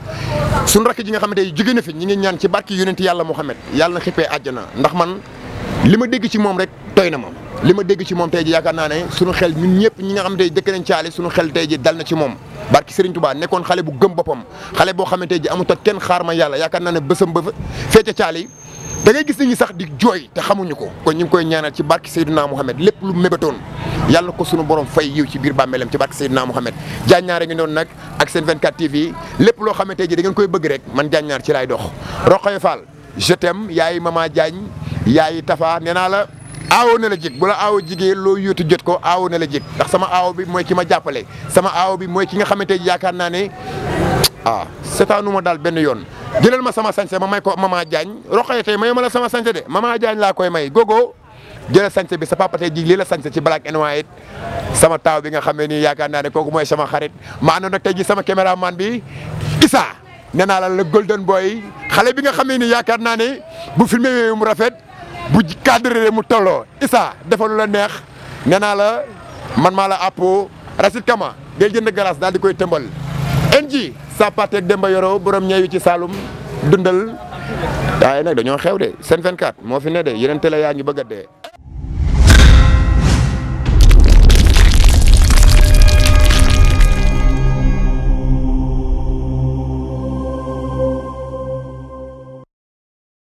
suñ rakk ji nga xamante yi jóge na fi ñi ngi ñaan ci barki yonent yàlla Muhammad yàlla na xippee àjjana ndax man li ma dégg ci moom rek toy na ma lima ma ci mom tayji yakarna ne suñu xel ñun ñëpp ñi nga xam tey dëkk nañ ci ali suñu xel tayji dal na ci mom barki Serigne Touba nekkon xale bu gëm bopam xale bo xamante tayji amu tok kenn xaar ma yàlla yakarna ne bésam ba fété ci ali da ngay gis ñi sax di joy te xamuñu ko kon ñing koy ñaanal ci barki Seydina Mouhamed lépp lu mebeton yàlla ko sunu borom fay yiw ci bir bàmmeelam ci barki Seydina Mouhamed jàññaar a ngi non nak ak sen 24 TV lépp lo xamante tayji da ngeen koy bëgg rek man jàññaar ci lay dox roxay Fall je t'aime yaay Mama Diagne yaay Tafa neena la awo na la jig bu la aawo loo yóotu jot ko aawo na la jig ndax sama aawo bi mooy ki ma jàppale sama aawo bi mooy ki nga xamante yaakaar naa ne ah seetaanu ma daal benn yoon jëlal ma sama sañse ma may ko mama Diagne roqee tey ma la sama sañse de mama Diagne laa koy may gogo jëlal sañse bi sa papa tey jii lii la sañse ci Black and White sama taaw bi nga xamee nii yaakaar naa ne kooku mooy sama xarit ma àndoon nag tey jii sama caméraman bi Issa nee naa la le golden boy xale bi nga xamee ne nii yaakaar naa ne bu filmé mu rafet. bu cadre mu tolloo Issa defal la neex nee naa la man maa la àppo Racine Kama del jënd glace daal di koy tëmbal NG sa parteeg Demba Yoro borom ñeewi ci saalum dundal waaye nag dañoo xew de Sen 24 moo fi ne de yeneen yaa ngi bëgg a